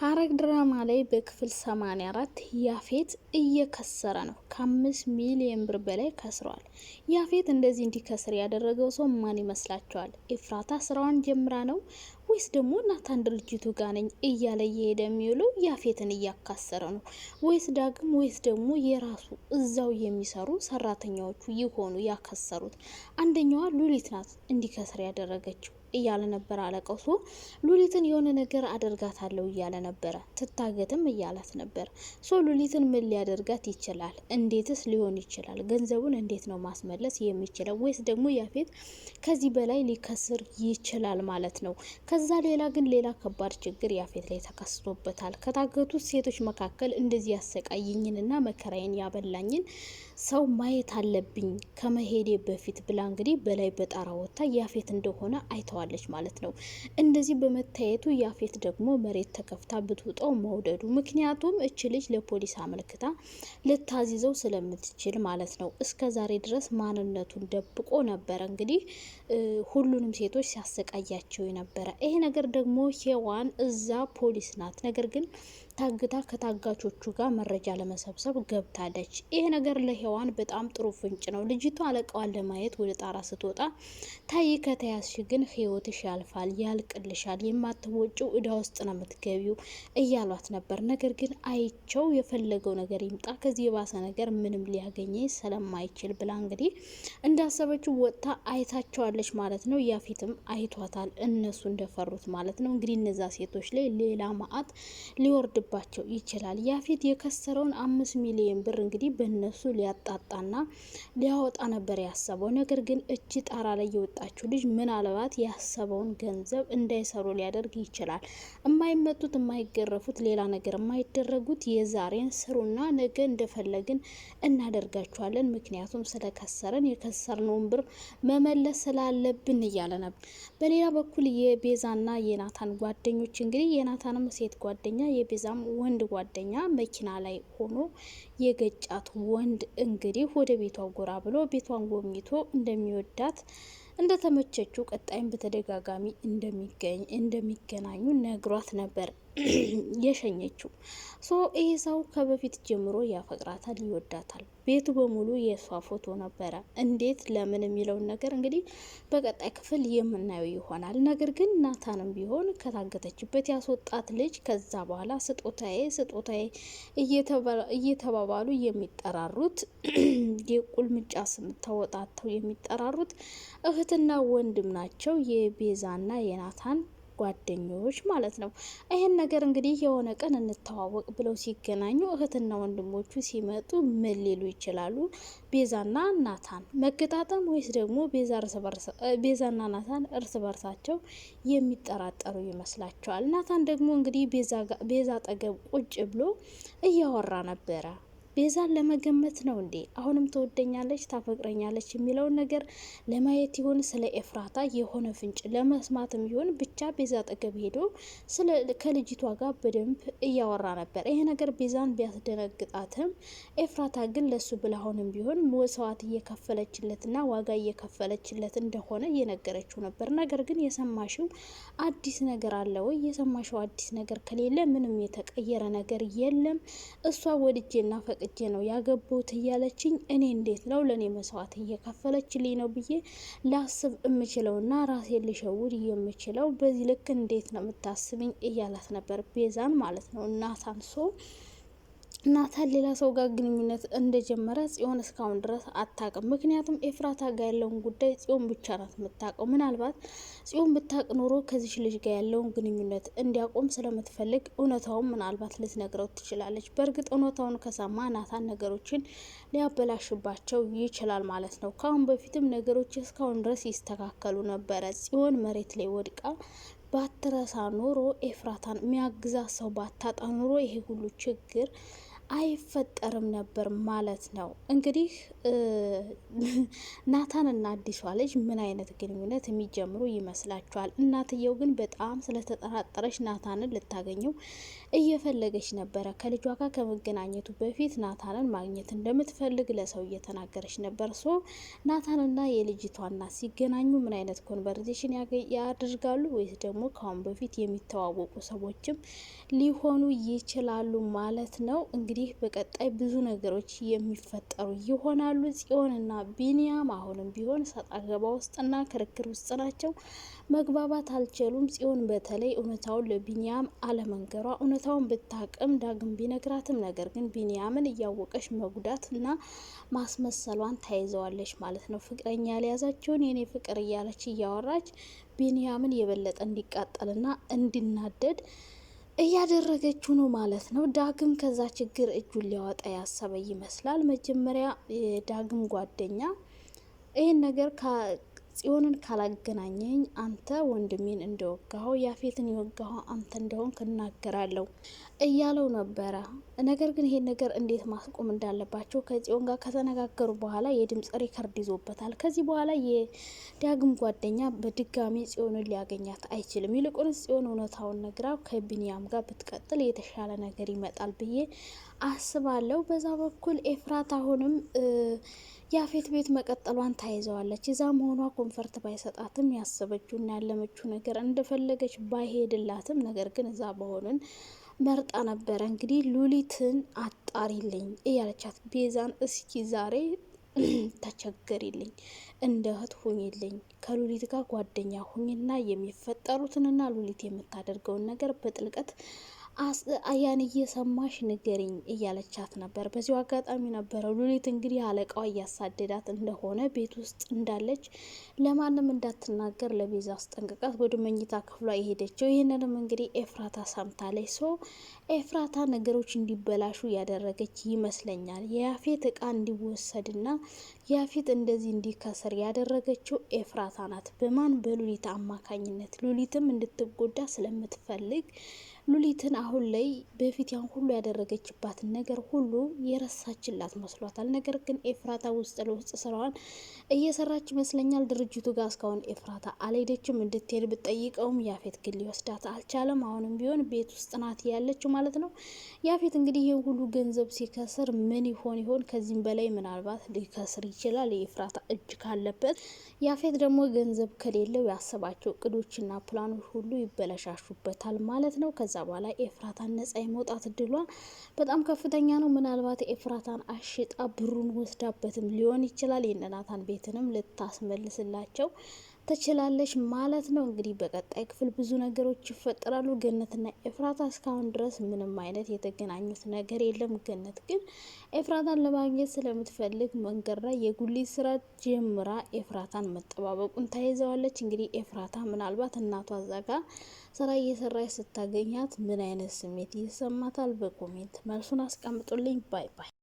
ሐረግ ድራማ ላይ በክፍል 84 ያፌት እየከሰረ ነው። ከአምስት ሚሊዮን ብር በላይ ከስሯል። ያፌት እንደዚህ እንዲከስር ያደረገው ሰው ማን ይመስላችኋል? ኤፍራታ ስራዋን ጀምራ ነው ወይስ ደግሞ ናታን ድርጅቱ ጋር ነኝ እያለ እየሄደ የሚውለው ያፌትን እያካሰረ ነው? ወይስ ዳግም ወይስ ደግሞ የራሱ እዛው የሚሰሩ ሰራተኛዎቹ ይሆኑ ያከሰሩት? አንደኛዋ ሉሊት ናት እንዲከስር ያደረገችው። እያለ ነበር አለቀው። ሶ ሉሊትን የሆነ ነገር አደርጋታለሁ እያለ ነበረ። ትታገትም እያላት ነበር። ሶ ሉሊትን ምን ሊያደርጋት ይችላል? እንዴትስ ሊሆን ይችላል? ገንዘቡን እንዴት ነው ማስመለስ የሚችለው? ወይስ ደግሞ ያፌት ከዚህ በላይ ሊከስር ይችላል ማለት ነው። ከዛ ሌላ ግን ሌላ ከባድ ችግር ያፌት ላይ ተከስቶበታል። ከታገቱ ሴቶች መካከል እንደዚህ ያሰቃይኝንና መከራዬን ያበላኝን ሰው ማየት አለብኝ ከመሄዴ በፊት ብላ እንግዲህ በላይ በጣራ ወጥታ ያፌት እንደሆነ አይተዋል። ትለዋለች ማለት ነው። እንደዚህ በመታየቱ ያፌት ደግሞ መሬት ተከፍታ ብትውጠው መውደዱ፣ ምክንያቱም እች ልጅ ለፖሊስ አመልክታ ልታዚዘው ስለምትችል ማለት ነው። እስከ ዛሬ ድረስ ማንነቱን ደብቆ ነበረ እንግዲህ ሁሉንም ሴቶች ሲያሰቃያቸው የነበረ። ይሄ ነገር ደግሞ ሄዋን እዛ ፖሊስ ናት፣ ነገር ግን ታግታ ከታጋቾቹ ጋር መረጃ ለመሰብሰብ ገብታለች። ይሄ ነገር ለሔዋን በጣም ጥሩ ፍንጭ ነው። ልጅቷ አለቃዋን ለማየት ወደ ጣራ ስትወጣ ታይ ከተያዝሽ ግን ህይወትሽ ያልፋል፣ ያልቅልሻል፣ የማትወጪው እዳ ውስጥ ነው የምትገቢው እያሏት ነበር። ነገር ግን አይቸው የፈለገው ነገር ይምጣ ከዚህ የባሰ ነገር ምንም ሊያገኘ ስለማይችል ብላ እንግዲህ እንዳሰበችው ወጥታ አይታቸዋለች ማለት ነው። ያፊትም አይቷታል፣ እነሱ እንደፈሩት ማለት ነው። እንግዲህ እነዛ ሴቶች ላይ ሌላ ማአት ሊወርድ ሊሄድባቸው ይችላል። ያፌት የከሰረውን አምስት ሚሊዮን ብር እንግዲህ በነሱ ሊያጣጣና ሊያወጣ ነበር ያሰበው። ነገር ግን እጅ ጣራ ላይ የወጣችው ልጅ ምናልባት ያሰበውን ገንዘብ እንዳይሰሩ ሊያደርግ ይችላል። የማይመጡት የማይገረፉት፣ ሌላ ነገር የማይደረጉት የዛሬን ስሩና ነገ እንደፈለግን እናደርጋችኋለን። ምክንያቱም ስለከሰረን የከሰርነውን ብር መመለስ ስላለብን እያለ ነበር። በሌላ በኩል የቤዛና የናታን ጓደኞች እንግዲህ የናታንም ሴት ጓደኛ የቤዛ ከዛም ወንድ ጓደኛ መኪና ላይ ሆኖ የገጫት ወንድ እንግዲህ ወደ ቤቷ ጎራ ብሎ ቤቷን ጎብኝቶ እንደሚወዳት እንደተመቸችው ቀጣይም በተደጋጋሚ እንደሚገኝ እንደሚገናኙ ነግሯት ነበር። የሸኘችው ሶ ይሄ ሰው ከበፊት ጀምሮ ያፈቅራታል፣ ይወዳታል። ቤቱ በሙሉ የእሷ ፎቶ ነበረ። እንዴት ለምን የሚለውን ነገር እንግዲህ በቀጣይ ክፍል የምናየው ይሆናል። ነገር ግን ናታንም ቢሆን ከታገተችበት ያስወጣት ልጅ ከዛ በኋላ ስጦታዬ ስጦታዬ እየተባባሉ የሚጠራሩት የቁልምጫ ስም ተወጣተው የሚጠራሩት እህትና ወንድም ናቸው የቤዛና የናታን ጓደኞች ማለት ነው። ይህን ነገር እንግዲህ የሆነ ቀን እንተዋወቅ ብለው ሲገናኙ እህትና ወንድሞቹ ሲመጡ ምን ሊሉ ይችላሉ? ቤዛና ናታን መገጣጠም ወይስ ደግሞ ቤዛና ናታን እርስ በርሳቸው የሚጠራጠሩ ይመስላቸዋል? ናታን ደግሞ እንግዲህ ቤዛ አጠገብ ቁጭ ብሎ እያወራ ነበረ። ቤዛን ለመገመት ነው እንዴ? አሁንም ትወደኛለች፣ ታፈቅረኛለች የሚለውን ነገር ለማየት ይሆን ስለ ኤፍራታ የሆነ ፍንጭ ለመስማትም ይሆን ብቻ ቤዛ አጠገብ ሄዶ ከልጅቷ ጋር በደንብ እያወራ ነበር። ይሄ ነገር ቤዛን ቢያስደነግጣትም ኤፍራታ ግን ለሱ ብላ አሁንም ቢሆን መስዋዕት እየከፈለችለትና ዋጋ እየከፈለችለት እንደሆነ እየነገረችው ነበር። ነገር ግን የሰማሽው አዲስ ነገር አለ ወይ? የሰማሽው አዲስ ነገር ከሌለ ምንም የተቀየረ ነገር የለም እሷ ወድጄና ፈቅ ፈቅጄ ነው ያገቡት እያለችኝ እኔ እንዴት ነው ለእኔ መስዋዕት እየከፈለችልኝ ነው ብዬ ላስብ የምችለውና ራሴ ልሸውድ የምችለው በዚህ ልክ እንዴት ነው የምታስብኝ? እያላት ነበር ቤዛን ማለት ነው እና ናታን ሌላ ሰው ጋር ግንኙነት እንደጀመረ ጽዮን እስካሁን ድረስ አታውቅም። ምክንያቱም ኤፍራታ ጋር ያለውን ጉዳይ ጽዮን ብቻ ናት የምታውቀው። ምናልባት ጽዮን ብታውቅ ኖሮ ከዚች ልጅ ጋር ያለውን ግንኙነት እንዲያቆም ስለምትፈልግ እውነታውን ምናልባት ልትነግረው ትችላለች። በእርግጥ እውነታውን ከሰማ ናታን ነገሮችን ሊያበላሽባቸው ይችላል ማለት ነው። ከአሁን በፊትም ነገሮች እስካሁን ድረስ ይስተካከሉ ነበረ። ጽዮን መሬት ላይ ወድቃ ባትረሳ ኖሮ ኤፍራታን ሚያግዛ ሰው ባታጣ ኖሮ ይሄ ሁሉ ችግር አይፈጠርም ነበር ማለት ነው። እንግዲህ ናታንና አዲሷ ልጅ ምን አይነት ግንኙነት የሚጀምሩ ይመስላችኋል? እናትየው ግን በጣም ስለተጠራጠረች ናታንን ልታገኘው እየፈለገች ነበረ። ከልጇ ጋር ከመገናኘቱ በፊት ናታንን ማግኘት እንደምትፈልግ ለሰው እየተናገረች ነበር። ሶ ናታንና የልጅቷ እናት ሲገናኙ ምን አይነት ኮንቨርዜሽን ያደርጋሉ ወይስ ደግሞ ከአሁን በፊት የሚተዋወቁ ሰዎችም ሊሆኑ ይችላሉ ማለት ነው። እንግዲህ በቀጣይ ብዙ ነገሮች የሚፈጠሩ ይሆናሉ። ጽዮንና ቢኒያም አሁንም ቢሆን ሰጣ ገባ ውስጥና ክርክር ውስጥ ናቸው። መግባባት አልቻሉም። ጽዮን በተለይ እውነታውን ለቢንያም አለመንገሯ እውነታውን ብታቅም ዳግም ቢነግራትም ነገር ግን ቢንያምን እያወቀች መጉዳት እና ማስመሰሏን ተያይዘዋለች ማለት ነው። ፍቅረኛ ሊያዛቸውን የኔ ፍቅር እያለች እያወራች ቢንያምን የበለጠ እንዲቃጠልና እንዲናደድ እያደረገችው ነው ማለት ነው። ዳግም ከዛ ችግር እጁን ሊያወጣ ያሰበ ይመስላል። መጀመሪያ ዳግም ጓደኛ ይህን ነገር ጽዮንን ካላገናኘኝ አንተ ወንድሜን እንደወጋኸው ያፌትን የወጋኸው አንተ እንደሆንክ እናገራለሁ እያለው ነበረ። ነገር ግን ይሄን ነገር እንዴት ማስቆም እንዳለባቸው ከጽዮን ጋር ከተነጋገሩ በኋላ የድምጽ ሪከርድ ይዞበታል። ከዚህ በኋላ የዳግም ጓደኛ በድጋሚ ጽዮንን ሊያገኛት አይችልም። ይልቁንስ ጽዮን እውነታውን ነግራ ከቢንያም ጋር ብትቀጥል የተሻለ ነገር ይመጣል ብዬ አስባለሁ። በዛ በኩል ኤፍራት አሁንም ያፌት ቤት መቀጠሏን ታይዘዋለች። እዛ መሆኗ ኮንፈርት ባይሰጣትም ያሰበችውና ያለመችው ነገር እንደፈለገች ባይሄድላትም ነገር ግን እዛ መሆኑን መርጣ ነበረ። እንግዲህ ሉሊትን አጣሪልኝ እያለቻት ቤዛን እስኪ ዛሬ ተቸገሪልኝ እንደ እህት ሁኝልኝ ከሉሊት ጋር ጓደኛ ሁኝና የሚፈጠሩትንና ሉሊት የምታደርገውን ነገር በጥልቀት አያን እየሰማሽ ንገሪኝ እያለቻት ነበር። በዚሁ አጋጣሚ ነበረው ሉሊት እንግዲህ አለቃዋ እያሳደዳት እንደሆነ ቤት ውስጥ እንዳለች ለማንም እንዳትናገር ለቤዛ አስጠንቅቃት ወደ መኝታ ክፍሏ የሄደችው። ይህንንም እንግዲህ ኤፍራታ ሰምታለች። ሰው ኤፍራታ ነገሮች እንዲበላሹ ያደረገች ይመስለኛል። የያፌት እቃ እንዲወሰድና ያፌት እንደዚህ እንዲከስር ያደረገችው ኤፍራታ ናት። በማን በሉሊት አማካኝነት ሉሊትም እንድትጎዳ ስለምትፈልግ ሉሊትን አሁን ላይ በፊት ያን ሁሉ ያደረገችባትን ነገር ሁሉ የረሳችላት መስሏታል። ነገር ግን ኤፍራታ ውስጥ ለውስጥ ስራዋን እየሰራች ይመስለኛል። ድርጅቱ ጋር እስካሁን ኤፍራታ አልሄደችም። እንድትሄድ ብትጠይቀውም ያፌት ግን ሊወስዳት አልቻለም። አሁንም ቢሆን ቤት ውስጥ ናት ያለችው ማለት ነው። ያፌት እንግዲህ ይህን ሁሉ ገንዘብ ሲከስር ምን ይሆን ይሆን? ከዚህም በላይ ምናልባት ሊከስር ይችላል የኤፍራታ እጅ ካለበት። ያፌት ደግሞ ገንዘብ ከሌለው ያሰባቸው እቅዶችና ፕላኖች ሁሉ ይበለሻሹበታል ማለት ነው። ከዛ በኋላ ኤፍራታን ነጻ የመውጣት እድሏ በጣም ከፍተኛ ነው። ምናልባት ኤፍራታን አሽጣ ብሩን ወስዳበትም ሊሆን ይችላል። የነናታን ቤትንም ልታስመልስላቸው ትችላለች ማለት ነው። እንግዲህ በቀጣይ ክፍል ብዙ ነገሮች ይፈጠራሉ። ገነትና ኤፍራታ እስካሁን ድረስ ምንም አይነት የተገናኙት ነገር የለም። ገነት ግን ኤፍራታን ለማግኘት ስለምትፈልግ መንገድ ላይ የጉሊት ስራ ጀምራ ኤፍራታን መጠባበቁን ተያይዘዋለች። እንግዲህ ኤፍራታ ምናልባት እናቷ ዛጋ ጋ ስራ እየሰራች ስታገኛት ምን አይነት ስሜት ይሰማታል? በኮሜንት መልሱን አስቀምጡልኝ። ባይ ባይ።